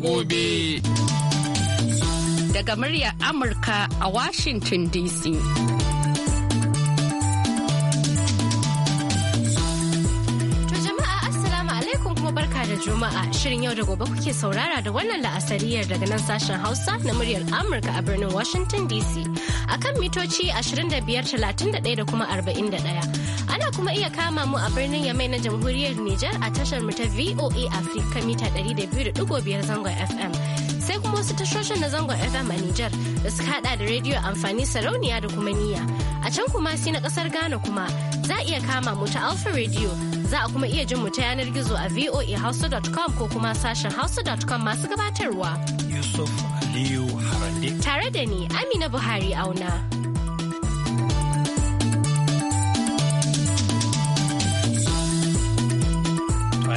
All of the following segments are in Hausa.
gobe. Daga muryar Amurka a Washington DC. alaikum kuma barka da juma'a shirin yau da gobe kuke saurara da wannan la'asariyar daga nan sashen hausa na muryar amurka a birnin washington dc a kan mitoci 2531 da kuma 41. Ana kuma iya kama mu a birnin Yamai na jamhuriyar Nijar a tashar mu ta VOA Africa mita 200.5 zangon FM. Sai kuma wasu tashoshin na zangon FM a Nijar da suka hada da rediyo amfani sarauniya da kuma niyya. A can kuma sai na kasar Ghana kuma za a iya kama mu ta Alpha Radio Za a kuma iya jin mu ta yanar gizo a voahausa.com ko kuma sashen hausa.com masu gabatarwa. Yusuf Aliyu Harande. Tare da ni Amina Buhari auna.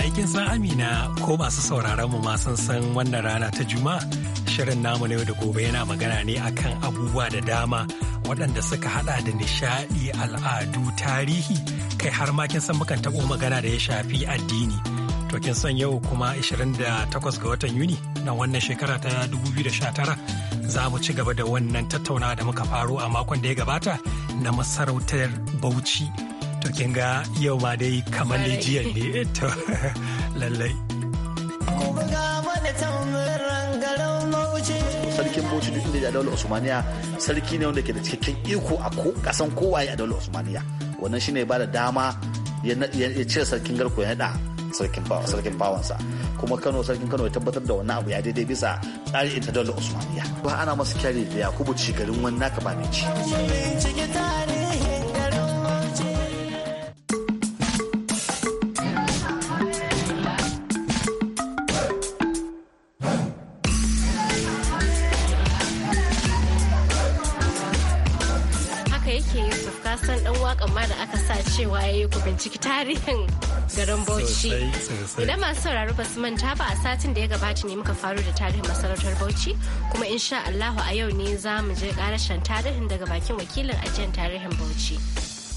aikin san amina ko masu sauraron mu ma san wannan rana ta juma'a shirin namu na yau da gobe yana magana ne akan abubuwa da dama waɗanda suka hada da nishaɗi al'adu tarihi kai har ma kin san mukan taɓo magana da ya shafi addini. To kin san yau kuma 28 ga watan Yuni na wannan shekara ta 2019 za mu ci gaba da wannan tattauna da muka faro a makon da ya gabata na masarautar Bauchi. To kin ga yau ma dai kamar ne jiya eh, ne to lallai. sarkin bauchi duk inda ya daular usmaniya sarki ne wanda ke da cikakken iko a kasan kowaye a daular usmaniya wannan shine ba da dama ya cire sarkin garko ya naɗa sarkin bawansa kuma kano sarkin kano ya tabbatar da wannan abu ya daidai bisa tsari ita daular usmaniya ba ana masu kyari da yakubu ci garin wani naka ba mai ci ku binciki tarihin garin Bauchi. Idan masu sauraro ba su manta ba a satin da ya gabata ne muka faru da tarihin masarautar Bauchi kuma insha Allahu a yau ne za mu je karashen tarihin daga bakin wakilin ajiyar tarihin Bauchi.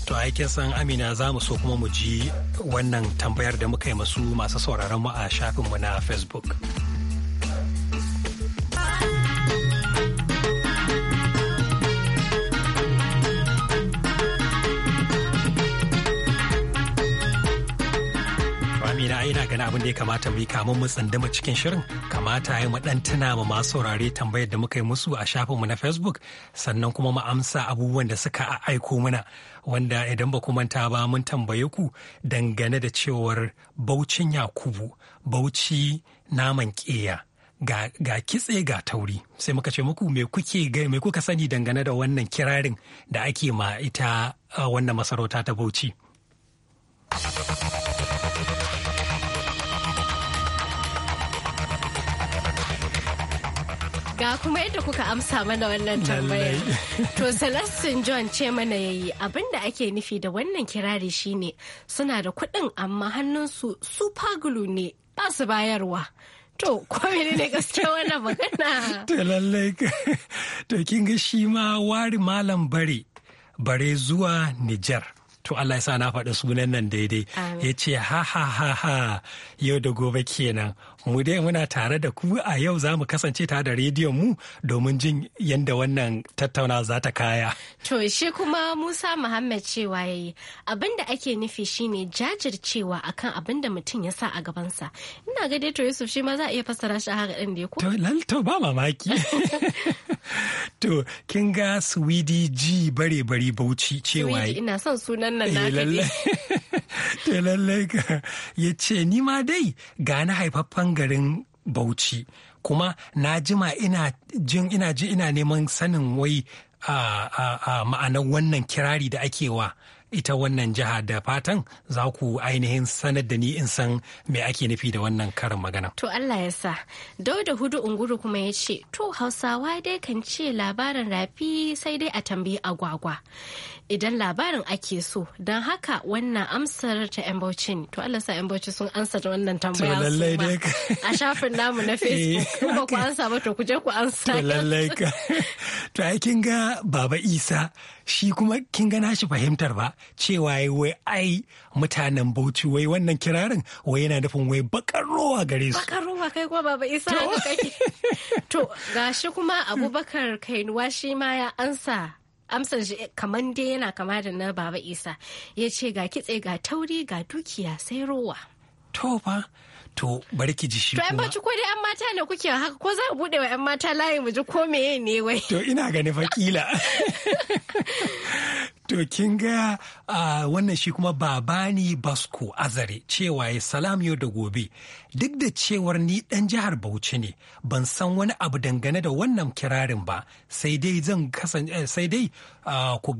To aikin san Amina za mu so kuma mu ji wannan tambayar da muka yi masu masu sauraron mu a shafinmu na Facebook. Amina ina gani abin da ya kamata mu yi kamun mu tsandama cikin shirin kamata ya mu dan tuna ma masu saurare tambayar da muka yi musu a shafinmu na Facebook sannan kuma mu amsa abubuwan da suka aiko mana wanda idan ba ku manta ba mun tambaye ku dangane da cewar Baucin Yakubu bauci naman ƙeya ga, ga kitse ga tauri sai muka ce muku me kuke me kuka sani dangane da wannan kirarin da ake ma ita uh, wannan masarauta ta bauci. Ga kuma yadda kuka amsa mana wannan tambayar. To Celestin John ce mana yayi abin da ake nufi da wannan kirari shine suna da kuɗin amma hannunsu su ne ba su bayarwa. To, ko ne gaske wannan magana? To lallai, to kin ga shi ma wari malam bare, bare zuwa Nijar. to Allah ya sa na faɗi sunan nan daidai ya ce ha ha ha ha yau da gobe kenan mu dai muna tare da ku a yau za mu kasance tare da rediyon mu domin jin yadda wannan tattauna za ta kaya. To shi kuma Musa Muhammad cewa ya yi abin ake nufi shine jajircewa akan abin da mutum ya sa a gabansa. Ina ga dai to Yusuf shi ma za a iya fassara shi a haka ɗin da ko? To lalto ba mamaki. to kin ga swedish G bare Bauchi cewa. Swedi ina son sunan nan eh, na to lallai ya ce ni ma dai ga na haifaffen garin bauchi kuma na jima ina jin ina ji ina neman sanin wai a ma'anar wannan kirari da ake wa ita wannan jiha da fatan za ku ainihin sanar da ni in san me ake nufi da wannan karin magana. To Allah ya sa, Dauda Hudu Unguru kuma ya ce, to Hausawa dai kan ce labarin rafi sai dai a tambayi agwagwa. Idan labarin ake so, don haka wannan amsar ta ‘yan Bauchi ne. To Allah sa ‘yan Bauchi sun ansa da wannan tambaya a shafin namu na eh, Facebook. Kuma ku ansa ba to ku je ku ansa. To lallai ka. To aikin kin ga Baba Isa shi kuma kin gana shi fahimtar ba cewa wai ai mutanen bauchi wai wannan kirarin wai yana nufin wai bakar rowa gare su bakar rowa kai kuma baba isa to gashi kuma abubakar kainuwa shi ma ya ansa amsar shi kaman dai yana kama da na baba isa ya ce ga kitse ga tauri ga dukiya sai rowa to fa To bari ki ji shi kuma. To ai baci ko dai yan mata ne kuke haka ko za a bude wa yan mata layi mu ji ko meye ne wai. To ina gani fa kila. To kin ga wannan shi kuma Babani Basko Azare cewa ya salam yau da gobe. Duk da cewar ni dan jihar Bauchi ne, ban san wani abu dangane da wannan kirarin ba, sai dai zan kasance eh, sai dai ku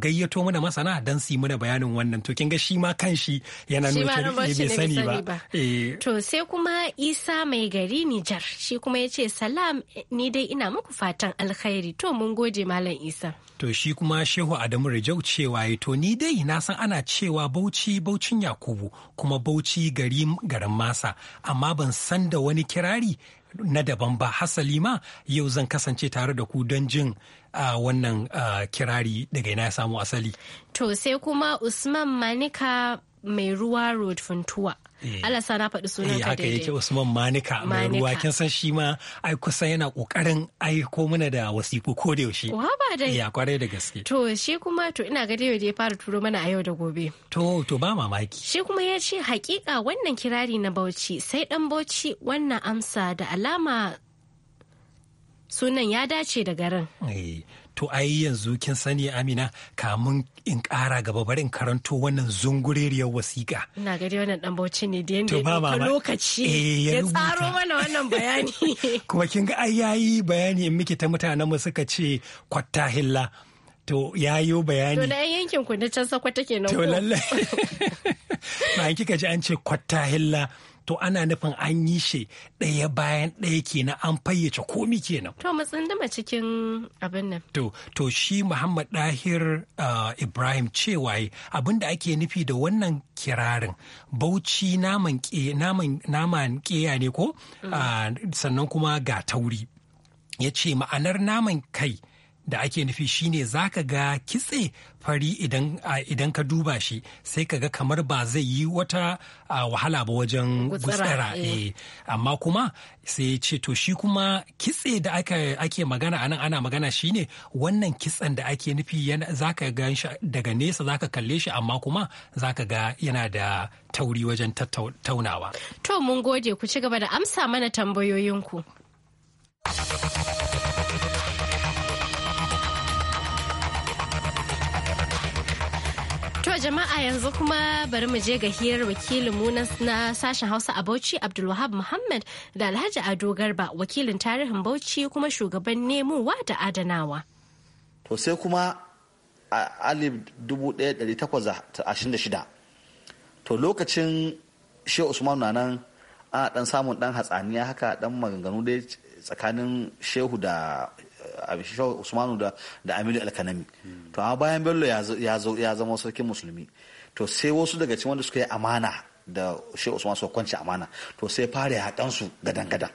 gayyato mana masana don su yi mana bayanin wannan. To kin ga shi ma kan shi yana nuna eh, bai sani ba. Eh. To sai kuma Isa mai gari Nijar, shi kuma ya ce salam ni dai ina muku fatan alkhairi. To mun gode Malam Isa. To shi kuma Shehu Adamu Adamu Jau cewa ya to ni dai na san ana cewa Bauchi Baucin Yakubu kuma Bauchi gari garin masa amma ban san da wani kirari na daban ba hasali ma yau zan kasance tare da ku don jin uh, wannan uh, kirari daga ina ya samu asali. To sai kuma Usman Manika mai ruwa road funtuwa eh. Allah sa na faɗi sunan eh, ka daidai. yake Usman Manika mai ruwa kin san shi ma ai kusa yana kokarin ko muna da wasiku ko da yaushe. Wa ba dai. Ya kware da gaske. To shi kuma to ina ga dai ya fara turo mana a yau da gobe. To to ba mamaki. Shi kuma ya ce hakika wannan kirari na Bauchi sai dan Bauchi wannan amsa da alama sunan ya dace da garin. Eh, to ai yanzu kin sani amina kamun in ƙara gaba bari in karanto wannan zungureriyar wasiƙa ina gari wannan dan bauchi ne da yanda ya lokaci eh, ya tsaro mana wannan bayani kuma kin ga ai yayi bayani in muke ta mutanen mu suka ce kwatta hilla to yayo bayani to na yankin ku na can sakwa take nan to lallai ba kika ji an ce kwatta hilla to ana nufin an yi shi ɗaya bayan ɗaya kenan an fayyace komi kenan to mu cikin abin nan to to shi Muhammad Dahir uh, Ibrahim cewa abin da ake nufi da wannan kirarin bauchi naman naman keya ne ko mm. uh, sannan kuma ga tauri ya ce ma'anar naman kai da ake nufi shine za ka ga kitse fari idan ka duba shi sai ka ga kamar ba zai yi wata wahala ba wajen gutsara eh. eh. amma kuma sai ce to shi kuma kitse da ake magana anan ana magana shine wannan kitsen da ake nufi za ka ga daga nesa za ka kalle shi amma kuma za ka ga yana da tauri wajen taunawa. To mun gode ku ci gaba da amsa mana tambayoyinku. jama'a yanzu kuma bari mu je ga hirar wakilinmu na sashen Hausa a Bauchi Abdulwahab Muhammad da Alhaji Ado Garba wakilin tarihin Bauchi kuma shugaban nemowa da adanawa. To sai kuma a alif to lokacin shi Usman na nan ana dan samun dan hatsaniya haka dan maganganu dai tsakanin shehu da shehu usmanu da aminu alkanami to amma bayan bello ya zama sarkin musulmi to sai wasu daga cikin wanda suka yi amana da shehu usman suka kwanci amana to sai fara ya su gadan gadan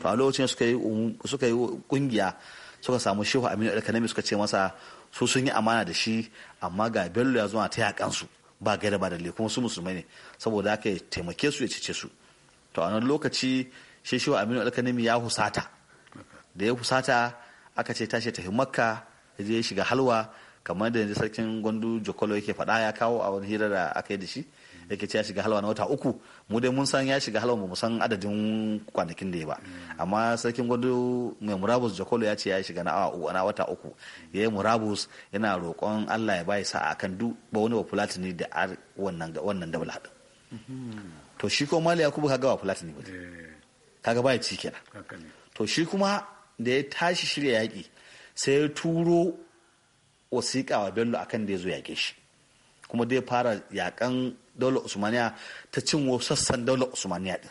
to a lokacin suka yi um, suka yi kungiya suka samu shehu aminu alkanami suka ce masa su sun yi amana da shi amma ga bello ya zo ta kan su ba gaira ba dalili kuma su musulmai ne saboda haka ya taimake su ya cece su to a nan lokaci shi shehu aminu alkanami ya husata da ya husata aka ce tashi tafi makka je shiga halwa kamar da yanzu sarkin gwandu jokolo yake faɗa ya kawo a wani hira da aka yi da shi yake ce ya shiga halwa na wata uku mu dai mun san ya shiga halwa mu san adadin kwanakin da ya ba amma sarkin gwandu mai murabus jokolo ya ce ya shiga na awa uku na wata uku ya yi murabus yana roƙon allah ya bayi sa'a kan du ba wani ba fulatini da wannan dabla haɗin to shi ko mali kuma kaga ba fulatini eh. ba kaga ba ya ci kenan to shi kuma da ya tashi shirya yaƙi sai ya turo wasiƙa wa bello akan da ya zo yaƙe shi kuma da fara yaƙan daula usmaniya ta cin sassan daula usmaniya din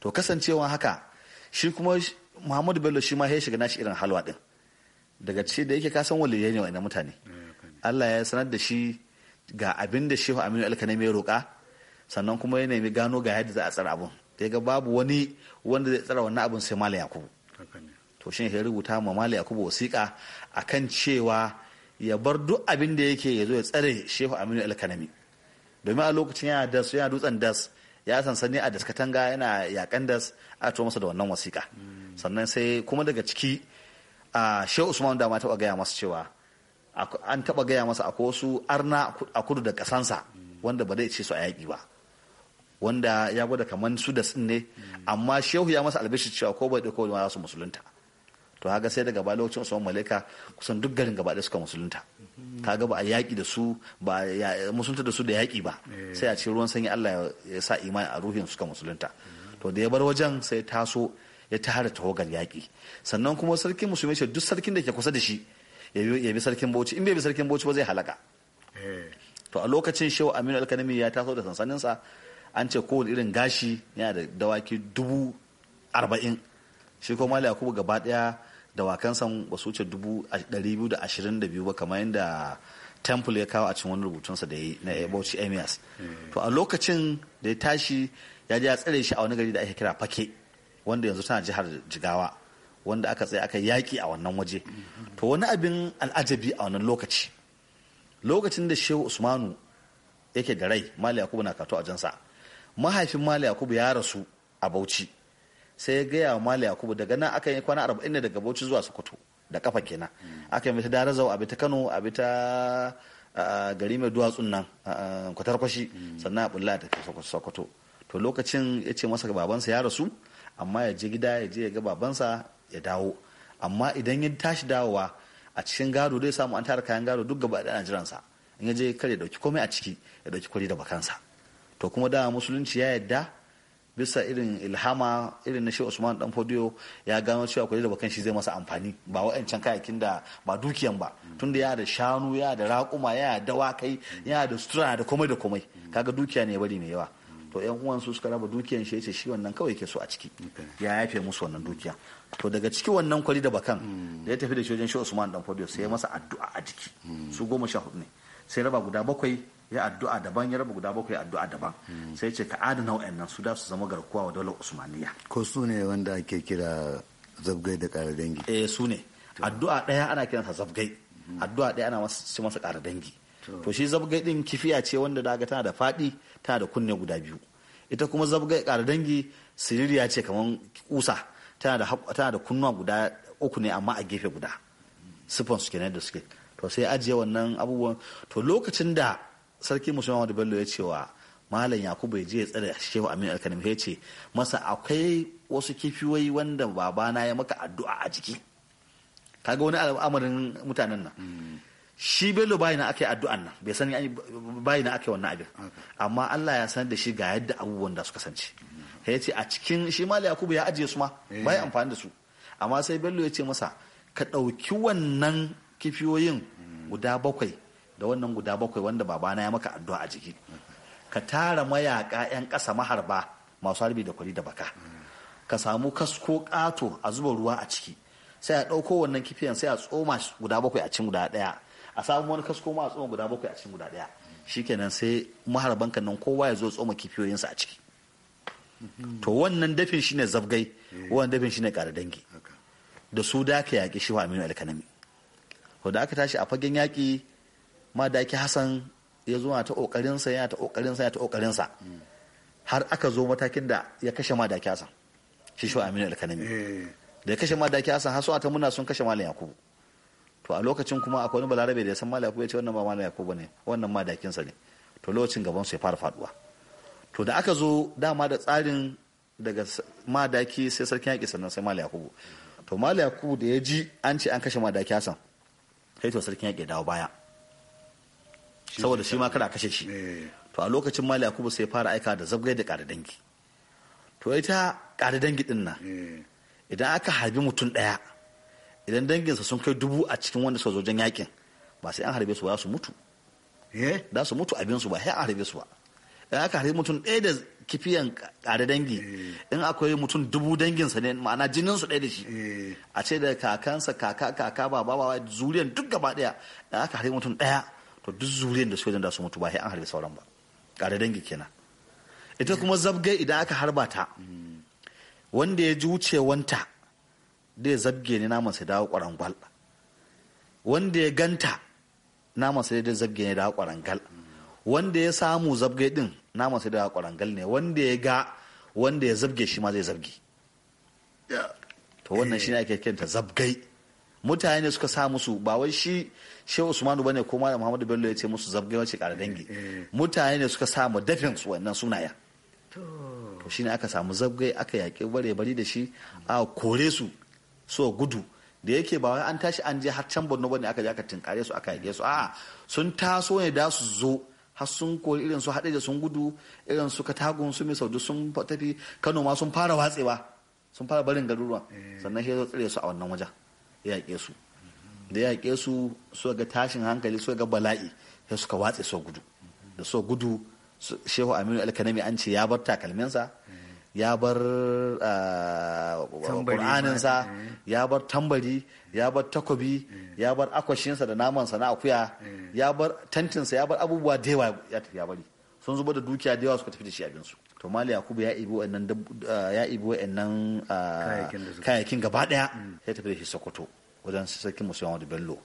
to kasancewa haka shi kuma muhammadu bello shi ma ya shiga nashi irin halwa din daga ce da yake kasan waliyai ne wa'ina mutane eh, allah ya sanar da shi ga abin da shehu aminu alkanai mai roƙa sannan kuma ya nemi gano ga yadda za a tsara abun daga babu wani wanda zai tsara wannan abun sai malam yakubu to shi ya rubuta ma mali yakubu wasiƙa akan cewa ya bar duk abin da yake ya zo ya tsare shehu aminu alkanami domin a lokacin yana das yana dutsen das ya sansani a das Katanga yana yakan das a to masa da wannan wasiƙa sannan sai kuma daga ciki a shehu usman da dama taɓa gaya masa cewa an taɓa gaya masa a wasu arna a kudu da ƙasansa wanda ba zai ce su a yaƙi ba wanda ya gwada kamar su da ne amma shehu ya masa albishi cewa ko bai ɗauko ma za su musulunta to haga sai daga baya lokacin Usman Malaika kusan duk garin gaba suka musulunta kaga ba a yaƙi da su ba musulunta da su da yaƙi ba eh. sai a cikin ruwan sanyi Allah ya sa imani a ruhin suka musulunta to da ya bar wajen sai taso ya tara tawagar yaƙi sannan kuma sarkin musulmi ce duk sarkin da ke kusa da shi ya bi sarkin bauchi in bai bi sarkin bauchi ba zai halaka eh. to a lokacin shehu aminu alkanami ya taso da sansaninsa an ce kowane irin gashi yana da dawaki dubu arba'in shi kuma mali yakubu gaba daya da ba su wuce dubu ɗari biyu ba kamar yadda temple ya kawo a cikin wani rubutunsa da ya na bauchi emias. to a lokacin da ya tashi ya je ya tsare shi a wani gari da ake kira fake wanda yanzu tana jihar jigawa wanda aka tsaye aka yaki a wannan waje to wani abin al'ajabi a wannan lokaci lokacin da shehu usmanu yake da rai mali yakubu na kato a jansa mahaifin mali yakubu ya rasu a bauchi sai ya gaya wa mali yakubu daga nan aka yi kwana arba'in ne daga bauchi zuwa sokoto da kafa kenan aka yi ta darazau a ta kano a ta gari mai duwatsun nan kwatarkwashi sannan a bulla da sokoto to lokacin ya ce masa babansa ya rasu amma ya je gida ya je ya ga babansa ya dawo amma idan ya tashi dawowa a cikin gado zai samu an tara kayan gado duk gaba da sa in ya je kar ya dauki komai a ciki ya dauki kwari da bakansa to kuma da musulunci ya yadda bisa irin ilhama irin na shi usman dan fodiyo ya gano cewa kwaje da bakan shi zai masa amfani ba wa'ancan kayakin da ba dukiyan ba tunda ya da shanu ya da raƙuma ya da dawakai ya da sutura da komai da komai kaga dukiya ne bari mai yawa to yan uwan su suka raba dukiyan shi yace shi wannan kawai yake so a ciki ya yafe musu wannan dukiya to daga ciki wannan kwali da bakan da ya tafi da shi wajen shi usman dan fodiyo sai ya masa addu'a a jiki su goma sha hudu ne sai raba guda bakwai ya addu'a daban ya raba guda bakwai addu'a daban sai ce ka adana wa'annan su da su zama garkuwa wa daular usmaniya ko su ne wanda ake kira zabgai da ƙara dangi eh su ne addu'a ɗaya ana kiran ta zabgai addu'a ɗaya ana masa masa ƙara dangi to shi zabgai din kifiya ce wanda daga tana da faɗi tana da kunne guda biyu ita kuma zabgai ƙara dangi siririya ce kamar kusa tana da tana da kunnuwa guda uku ne amma a gefe guda sifan su kenan da suke to sai ajiye wannan abubuwan to lokacin da sarki musulman da bello ya ce wa malam yakubu ya je ya tsare shehu Aminu alkanim ya ce masa akwai wasu kifiyoyi wanda babana ya maka addu'a a jiki kaga wani al'amarin mutanen nan shi bello bayina aka yi addu'an nan bai sani bayina aka yi wannan abin amma Allah ya sanar da shi ga yadda abubuwan da su kasance ya ce a cikin shi malam yakubu ya ajiye su ma eh. bai amfani da su amma sai bello ya ce masa ka ɗauki wannan kifiyoyin hmm. guda bakwai da wannan guda bakwai wanda babana ya maka addu'a a jiki ka tara mayaka 'yan ƙasa maharba masu harbi da kwari da baka ka samu kasko ƙato a zuba ruwa a ciki sai a ɗauko wannan kifiyan sai a tsoma guda bakwai a cin guda ɗaya a samu wani kasko ma a tsoma guda bakwai a cin guda ɗaya shikenan sai maharban kan nan kowa ya zo tsoma kifiyoyinsa a ciki to wannan dafin shine zabgai wannan dafin shine ƙara dangi da su da ka yaƙi shi wa aminu alkanami to da aka tashi a fagen yaƙi madaki hassan ya zo ta kokarinsa yana ta kokarinsa yana ta kokarinsa har aka zo matakin da ya kashe madaki hassan shi shi aminu alkanami eh. da ya kashe madaki hassan har ta muna sun kashe malam yakubu to a lokacin kuma akwai wani balarabe da ya san malam yakubu ya ce wannan ba malam yakubu ne wannan madakinsa ne to lokacin gaban su ya fara faduwa to da aka zo dama da tsarin daga madaki sai sarkin yaƙi sannan sai malam yakubu to malam yakubu da ya ji an ce an kashe madaki hassan sai to sarkin yaƙi dawo baya saboda shi ma kada kashe shi eh. to a lokacin mali yakubu sai fara aika da zabgai da ƙara dangi to ita ƙara dangi din nan eh. idan aka harbi mutum daya idan danginsa sun kai dubu a cikin wanda suka zojen yakin ba sai an harbe su ba su mutu da eh? su mutu abin su ba sai an harbe su ba ina aka harbi mutum ɗaya da kifiyan ƙare dangi in akwai mutum dubu danginsa ne ma'ana jinin su daya da shi a ce da kakansa kaka kaka baba zuriyan duk gaba ɗaya in aka harbi mutum ɗaya to duk zuriyar da suka zanda su mutu ba sai an harbi sauran ba ƙare dangi kenan ita kuma zabge idan aka harba ta wanda ya ji wucewanta zai zabge ne naman sai dawo kwarangwal wanda ya ganta naman sai dai zabge ne dawo kwarangal wanda ya samu zabge din naman sai dawo kwarangal ne wanda ya ga wanda ya zabge shi ma zai zabge to wannan eh. shi ne ake kenta zabgai mutane ne suka sa musu ba wai shi shehu usmanu bane ko malam muhammadu bello ya ce musu zabgai wace kara dangi eh, eh, eh. mutane ne suka sa mu dafin su wannan sunaya to shine aka samu zabgai aka yaƙi bare bari da shi a kore su so gudu da yake ba wai an tashi an je har can borno bane aka je aka tinkare su aka yaƙe su a'a sun taso ne da su zo har sun kori irin su haɗe da sun gudu irin su katagun su mai saudu sun tafi kano ma sun fara watsewa sun fara barin garuruwa sannan sai zo tsire su a wannan wajen ya yaƙe su da yaƙe su so ga tashin hankali so ga bala'i ya suka watse so gudu da so gudu shehu aminu alkanami an ce ya bar takalminsa ya bar ƙur'aninsa ah, eh. ya bar tambari ya bar takobi eh. ya bar akwashinsa da namansa na akuya eh. ya bar tantinsa ya bar abubuwa da yawa ya tafi ya bari sun zuba da dukiya da yawa suka tafi da shi abinsu to mali yakubu ya ibi wa'annan ya ibi wa'annan kayakin gaba daya mm. ya tafi da shi sokoto wajen sarkin musulman da bello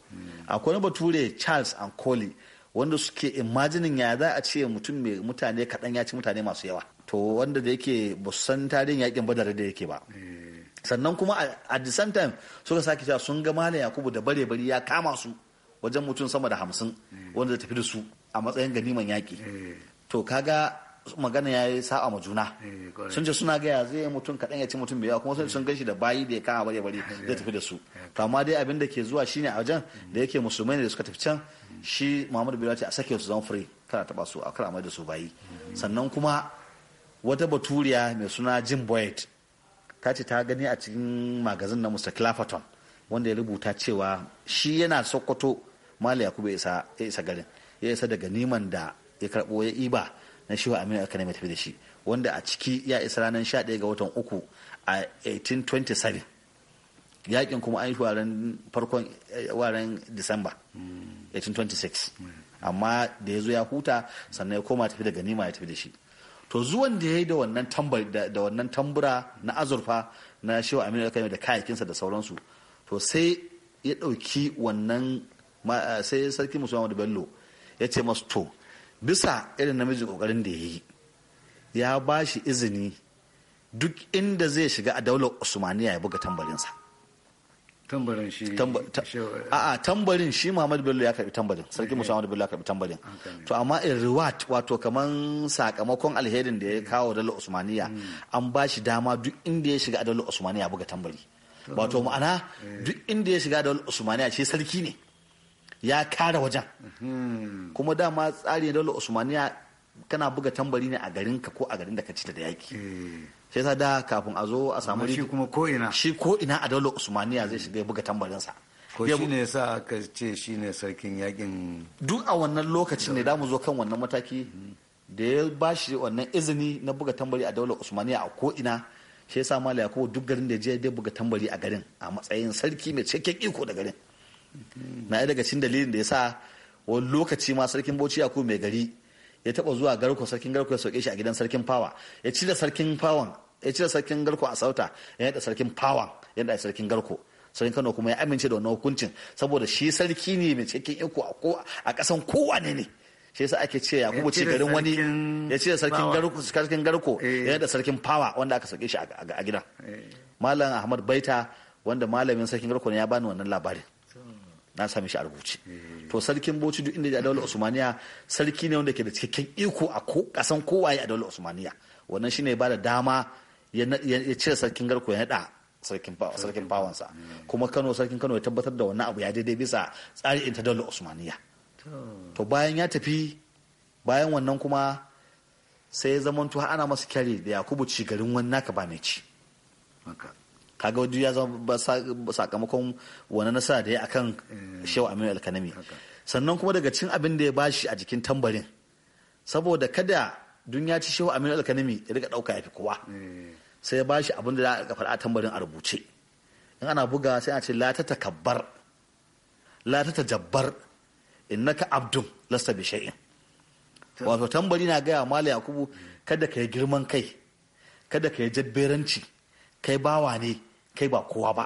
akwai bature charles and coley wanda suke imajinin ya za a ce mutum mai mutane kaɗan ya ci mutane masu yawa to wanda da yake ba san tarihin yakin badar da yake ba eh. sannan kuma a the same time suka sake cewa sun ga mali yakubu da bare bari ya kama su wajen mutum sama da hamsin eh. wanda tafi da su a matsayin ganiman yaƙi eh. to kaga magana ya yi sa'a ma juna eh, sun ce suna gaya zai mutum kaɗan ya ci mutum bai kuma sun sun gashi da bayi da ya kama bare bare zai tafi da su eh. to amma dai abin da ke zuwa shine a wajen da yake musulmai ne da suka tafi can shi Muhammadu Bello ce a sake su zama free kana taba su a kara mai da su bayi sannan kuma wata baturiya mai suna Jim Boyd ta ce ta gani a cikin magazin na Mr. Clapperton wanda ya rubuta cewa shi yana Sokoto Mali Yakubu ya isa garin ya isa daga niman da ya karɓo ya iba na shehu aminu alkana mai tafi da shi wanda a ciki ya isa ranar 11 ga watan uku a 1827 yakin kuma an yi waren farkon eh, waren disamba 1826 hmm. hmm. amma da ya zo ya huta sannan ya koma tafi da ganima ya tafi da shi to zuwan da ya yi da wannan tambura na azurfa na shehu aminu alkana da kayakinsa da sauransu to sai ya ɗauki wannan eh, sai sarki musulman wadda bello ya ce masu to bisa irin namiji kokarin da ya yi ya ba shi izini duk inda zai shiga a daular usmaniya ya buga tambarinsa tambarin shi tambarin shi Muhammadu Bello ya karbi tambarin sarki Muhammadu Bello ya karbi tambarin to amma in riwat wato kaman sakamakon alherin da ya mm. kawo daular usmaniya mm. an ba shi dama duk inda ya shiga a daular usmaniya ya buga tambari wato ma'ana eh. duk inda ya shiga daular usmaniya shi sarki ne ya kare wajen hmm. kuma dama tsari na dole usmaniya kana buga tambari ne a garin ka ko a garin da ka ci da yaki eh. sai sa da kafin a zo a samu shi kuma ko ina shi ko ina a dole usmaniya zai shiga ya buga sa. ko shi ne sa aka ce shi ne sarkin yakin duk a wannan lokacin ne da mu zo kan wannan mataki da ya ba shi wannan izini na buga tambari a daular usmaniya a ko ina shi ya sa mala duk garin da je dai buga tambari a garin a matsayin sarki mai cikakken iko da garin na daga cikin dalilin da ya sa wani lokaci ma sarkin bauchi yaku mai gari ya taba zuwa garko sarkin garko ya sauke shi a gidan sarkin fawa ya ci da sarkin fawan ya ci da sarkin garko a sauta ya da sarkin fawan ya da sarkin garko sarkin kano kuma ya amince da wannan hukuncin saboda shi sarki ne mai cikakken iko a kasan kowane ne ne shi yasa ake ce yakubu ci garin wani ya ci da sarkin garko sarkin garko ya da eh. sarkin fawa wanda aka sauke shi a gidan. Eh. malam ahmad baita wanda malamin sarkin garko ne ya bani wannan labarin na sami shi a rubuce to sarkin bauchi duk inda ya daular usmaniya sarki ne wanda ke da cikakken iko a kasan kowaye a daular usmaniya wannan shine ba da dama ya cire sarkin garko ya nada sarkin bawansa kuma kano sarkin kano ya tabbatar da wannan abu ya daidai bisa tsari ta daular usmaniya to bayan ya tafi bayan wannan kuma sai ya zamanto ana masa kyari da yakubu ci garin wani naka ba mai ci kaga wajen ya zama sakamakon wani nasara da ya akan mm. shehu aminu alkanami sannan kuma daga cin abin da ya bashi a jikin tambarin saboda kada ya ci shehu aminu alkanami ya rika dauka ya fi kowa mm. sai ya bashi abin da ya a a tambarin a rubuce in ana buga sai a ce la ta latata la ta tajabbar innaka abdun lasta bi shay'in wato tambari na gaya mala yakubu kada ka yi girman kai kada ka yi jabberanci kai bawa ne kai ba kowa ba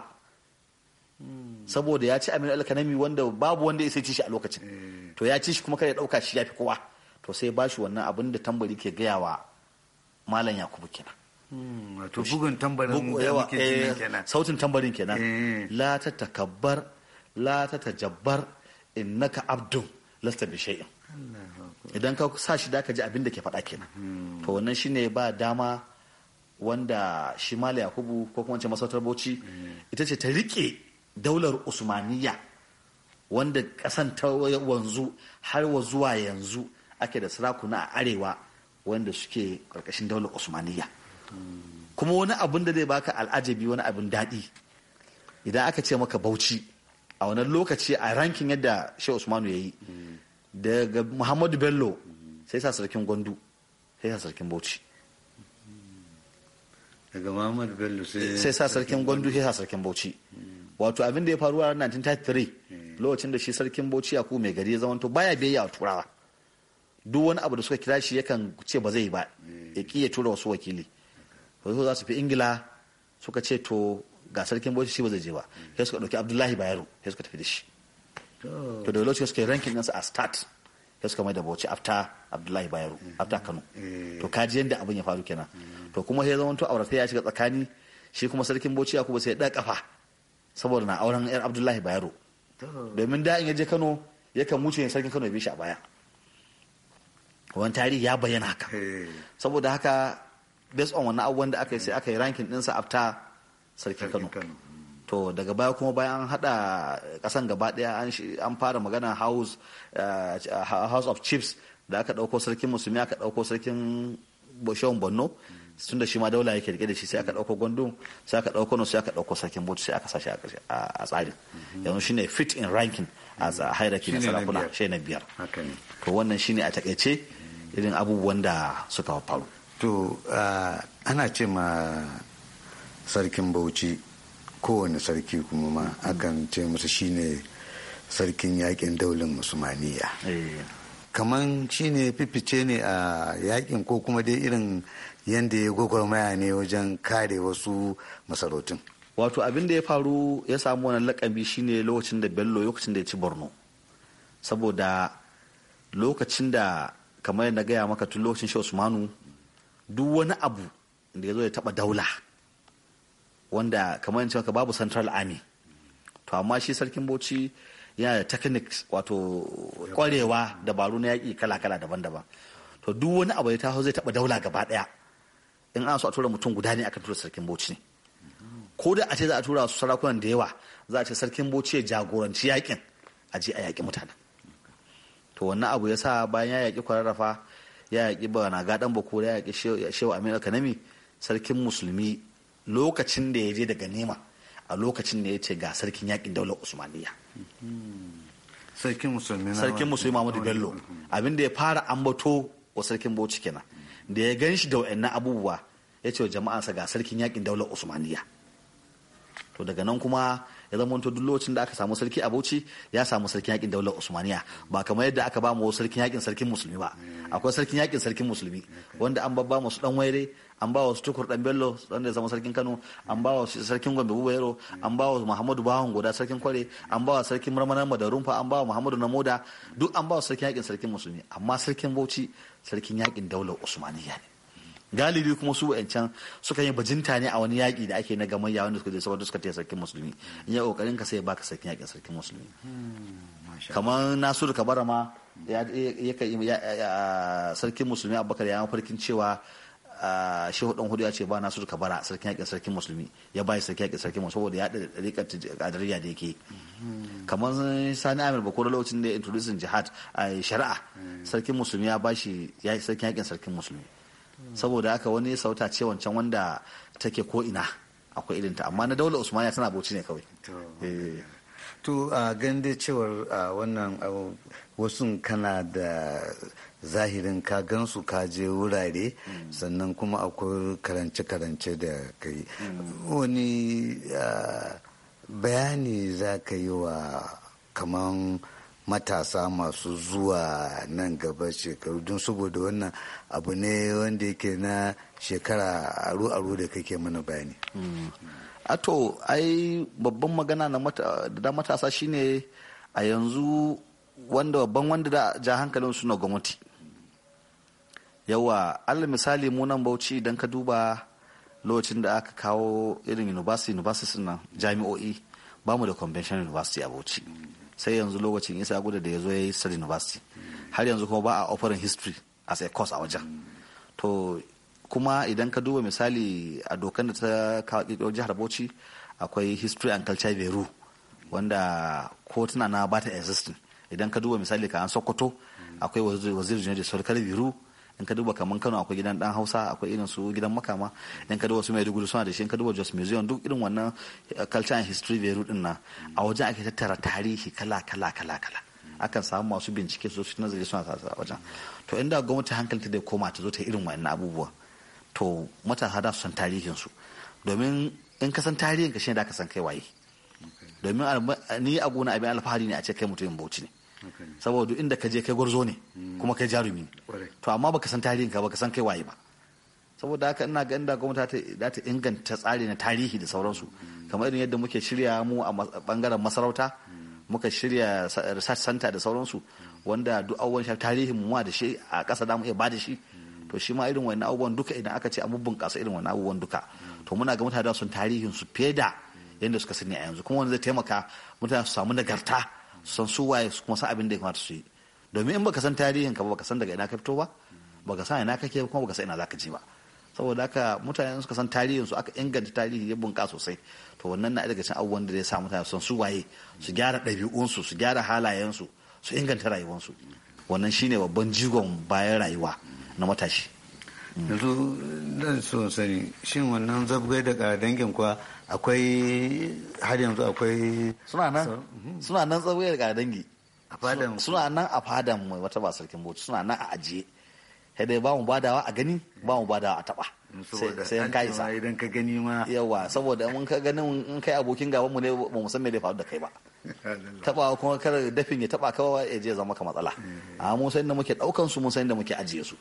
saboda ya ci aminu alkanami wanda babu wanda ya sai ci shi a lokacin to ya ci shi kuma kada ya dauka shi ya fi kowa to sai ba shi wannan abin da tambari ke gaya wa malam yakubu kenan hmm, to bugun tambarin da muke eh, kenan sautin tambarin kenan eh. la ta takabbar la ta tajabbar innaka abdun lasta bi shay'in idan ka sa shi da ka ji abin da ke faɗa kenan hmm. to wannan shine ba dama wanda shimali yakubu ko kuma ce masautar bauchi ita ce ta rike daular usmaniya wanda kasan ta wanzu har wa zuwa yanzu ake da sarakuna a arewa wanda suke karkashin daular usmaniya kuma wani abun da zai baka al'ajabi wani abin daɗi idan aka ce maka bauchi a wani lokaci a rankin yadda shi usmanu ya yi daga muhammadu bello sai sa sarkin gwandu sai sa sarkin bauchi daga sai sa sarkin Gwandu sai sa sarkin Bauchi wato abin da ya faru a 1933 eh. lokacin da shi sarkin Bauchi ya Yakubu mai gari ya zamanto baya biyayya a turawa duk wani abu da suka kira shi yakan ce ba zai ba eh. ya ki ya tura wasu wakili wasu za su fi Ingila suka ce to ga sarkin Bauchi shi ba zai je ba eh. sai suka dauki Abdullahi Bayero sai suka tafi da shi to da lokacin suka yi rankin nasu a start sai suka mai da bauchi afta abdullahi bayero mm-hmm. afta kano eh. to kaji yadda abin ya faru kenan mm. to kuma sai zama to aurata ya shiga tsakani shi kuma sarkin bauchi ya kuma sai ya kafa saboda na auren yar abdullahi bayero domin da in ya je kano ya yakan wuce sarkin kano ya bi shi a baya wani tarihi ya bayyana haka eh. saboda haka based on wani abubuwan da aka yi sai aka yi rankin ɗinsa afta sarkin kano to daga baya kuma bayan an hada kasan gaba daya an fara magana eh, house of chiefs da aka dauko sarkin musulmi aka dauko sarkin boshon borno tun da shi ma daula yake rike da shi sai aka dauko gondo sai aka dauko no sai aka dauko sarkin bot sai aka sashi a tsarin yanzu shine fit in ranking a hierarchy na sarakuna shi na biyar to wannan shine a takaice irin abubuwan da suka faru to eh, ana ce ma sarkin bauchi kowane sarki kuma ma akan ce masa shine sarkin yakin daular musulmaniya eh. kaman shine fifice ne a yakin ko kuma dai irin yadda ya gwagwarmaya ne wajen kare wasu masarautun wato abin da ya faru ya samu wani lakabi shine lokacin da bello lokacin da ya ci borno saboda lokacin da kamar na gaya maka tun lokacin shi usmanu duk wani abu da ya zo ya taba daula wanda kamar yin cewa babu central army to amma shi sarkin bauchi yana da techniques wato kwarewa dabaru na yaki kala-kala daban-daban to duk wani abu ya taho zai taɓa daula gaba ɗaya in an so a tura mutum guda ne akan tura sarkin bauchi ne ko da a ce za a tura su sarakunan da yawa za a ce sarkin bauchi ya jagoranci yakin a je a yaƙi mutanen to wannan abu ya sa bayan ya yaki kwararrafa ya yaƙi bana gaɗan bakura ya yaki shewa amina kanami sarkin musulmi lokacin da ya je daga nema a lokacin da ya ce ga sarkin yakin daular usmaniya sarkin musulmi muhammadu bello abin da ya fara ambato wa sarkin bauchi kenan da ya gan shi da wa'annan abubuwa ya ce wa jama'ansa ga sarkin yakin daular usmaniya to daga nan kuma ya zama duk lokacin da aka samu sarki a bauchi ya samu sarkin yakin daular usmaniya ba kamar yadda aka ba mu sarkin yakin sarkin musulmi ba akwai sarkin yakin sarkin musulmi wanda an babba masu dan waire an ba wasu tukur dan bello wanda ya zama sarkin kano an ba wasu sarkin gombe bubayero an ba wasu muhammadu bawan goda sarkin kware an ba wasu sarkin marmaran madarunfa an ba wasu muhammadu namoda duk an ba wasu sarkin yakin sarkin musulmi amma sarkin bauchi sarkin yakin daular usmaniya ne galibi kuma su wa'ancan suka yi bajinta ne a wani yaƙi da ake na gamayya wanda suka je saboda suka taya sarkin musulmi in yi ƙoƙarin ka sai baka sarkin yaƙin sarkin musulmi hmm, kamar nasiru kabara ma sarkin musulmi abubakar ya mafarkin cewa shehu dan hudu ya ce ba nasiru kabara sarkin yaƙin sarkin musulmi ya bayi sarkin yaƙin sarkin musulmi saboda ya da rikar kadariya da yake hmm. kamar sani amir bakura lokacin da ya introducing jihad a shari'a hmm. sarkin musulmi ya bashi sarkin yaƙin sarkin musulmi saboda aka wani sauta ce wancan wanda take ko ina akwai irinta amma na daular usmaniya tana bauchi ne kawai to eh. a gan dai cewar wannan wasu kana da zahirin ka gansu ka je wurare mm. sannan kuma akwai karance-karance da ka yi mm. wani bayani za ka yi wa kaman matasa masu zuwa nan gaba shekaru don saboda wannan abu ne wanda yake na shekara aru-aru da kake mana bayani. Mm. ato ai babban magana da matasa shine a yanzu wanda babban wanda da ja hankalin suna gwamnati yawa allah misali mu bauchi idan ka duba lokacin da aka kawo irin university university nan jami'o'i ba mu da convention university a bauchi sai yanzu lokacin isa guda da ya zo ya yi state university har yanzu kuma ba a offering history as a course a wajen to kuma idan ka duba misali a dokan da ta kawo jihar bauchi akwai history and culture beru wanda kotuna na ba ta existing idan ka duba misali ka an sokoto akwai wazir jini da sarkar biru in ka duba kaman Kano akwai gidan dan Hausa akwai irin su gidan makama in ka duba su Maiduguri suna da shi in ka duba Jos Museum duk irin wannan eh, culture and history Beirut din nan a wajen ake tattara tarihi kala kala kala kala akan samu masu bincike su su nazari suna tasa wajen to inda gwamnati hankali ta da koma ta zo ta irin wannan abubuwa to matasa da su san tarihin su domin in ka san tarihin ka shine da ka san kai waye domin ni a gona abin alfahari ne a ce kai mutumin bauchi ne saboda inda ka je kai gwarzo ne hmm. kuma kai jarumi ne to amma baka san tarihin ka baka san kai waye ba saboda haka ina ga da gwamnati za ta inganta tsari na tarihi da sauransu hmm. kamar irin yadda muke shirya mu a bangaren masarauta hmm. muka shirya research center da sauransu wanda duk abubuwan shi tarihin mu da shi a ƙasa da mu iya bada shi to shi ma irin wannan abubuwan duka idan aka ce an bunƙasa irin wannan abubuwan duka to muna ga mutane sun tarihin su fiye da yadda suka sani a yanzu kuma wanda zai taimaka mutane su samu nagarta san su waye kuma san abin da ya kamata su yi domin in baka san tarihin ka baka san daga ina ka fito ba baka san ina kake kuma baka san ina zaka je ba saboda haka mutane suka san tarihin su aka inganta tarihi ya bunka sosai to wannan na daga cikin abubuwan da zai sa mutane san su waye su gyara ɗabi'unsu su gyara halayen su su inganta rayuwarsu wannan shine babban jigon bayan rayuwa na matashi mm. yanzu dan so sani shin wannan zabgai daga dangin kwa akwai har yanzu akwai suna nan mhm. suna nan tsawiyar ga dangi a fadan suna nan a fadan mai wata ba sarkin bauchi suna nan a ajiye sai dai ba mu badawa a gani ba mu badawa a taba mm, sai an kai sa idan ka gani ma yawa saboda mun ka ganin in kai abokin gaban mu ne ba mu san me zai faru da kai ba tabawa kuma kar dafin ya taba kawai ya je zama ka matsala amma ah, mun san da muke daukan su mun san da muke ajiye su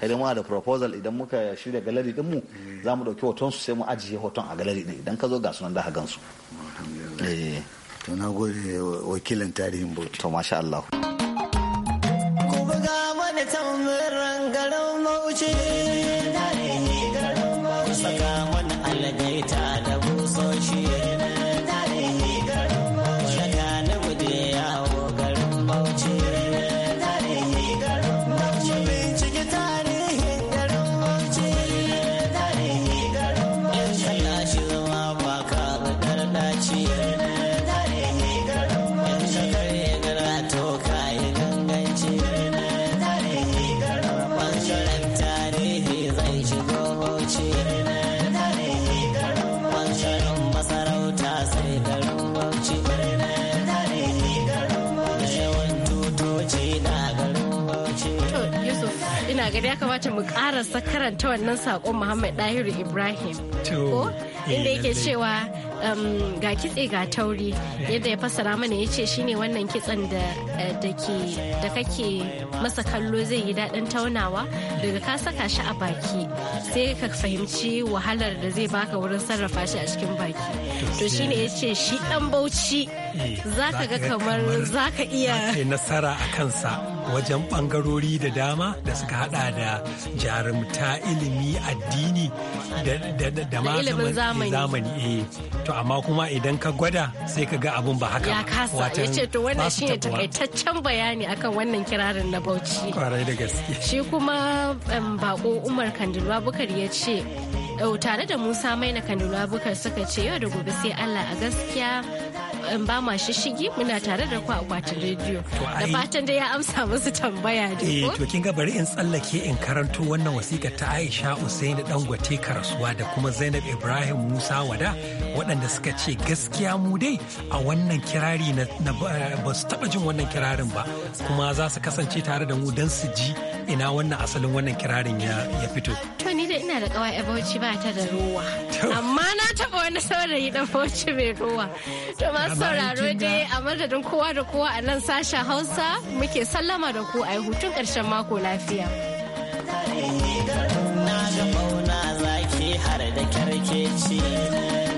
kai ma da proposal idan muka shirya galari din mu mm. za mu dauki hoton su sai mu ajiye hoton a galari din idan ka zo ga sunan da ka gansu eh. to na gode wakilin tarihin bauchi to masha Allah ku buga mana tambaran garin mauci gari ya kamata mu karasa karanta wannan sakon Muhammad Dahiru Ibrahim. Ko eh, inda yake cewa um, ga kitse ga tauri yadda ya fassara mana ya ce shine wannan kitsen eh, da kake masa kallo zai yi daɗin taunawa daga ka saka shi a baki sai ka fahimci wahalar da zai baka wurin sarrafa shi a cikin baki to shine ya ce shi ɗan bauchi eh, za ka ga kamar za ka iya nasara a kansa wajen bangarori da dama da suka hada da jarumta ilimi addini da ma zamani eh. to amma kuma idan ka gwada sai ka ga abun ba haka ya kasa ya ce to wannan shi ne takaitaccen bayani akan wannan kirarin na bauchi kwarai da gaske shi kuma bako umar kandilwa bukar ya ce tare da musa maina kandilwa bukar suka ce yau da gobe sai allah a gaskiya in ba ma shishigi muna tare da ku a akwatin rediyo da fatan da ya amsa musu tambaya da ku. Eh, to kin ga bari in tsallake in karanto wannan wasikar ta Aisha usain dan Dangote Karasuwa da kuma Zainab Ibrahim Musa Wada waɗanda suka ce gaskiya mu dai a wannan kirari na ba su taɓa jin wannan kirarin ba kuma za su kasance tare da mu don su ji ina wannan asalin wannan kirarin ya fito to ni da ina da kawai bauchi ba ta da ruwa amma na taba wani saurayi da fauci mai ruwa to masu sauraro dai a madadin kowa da kowa a nan sashen hausa muke sallama da ku a hutun karshen mako lafiya na zaki har da kyarkeci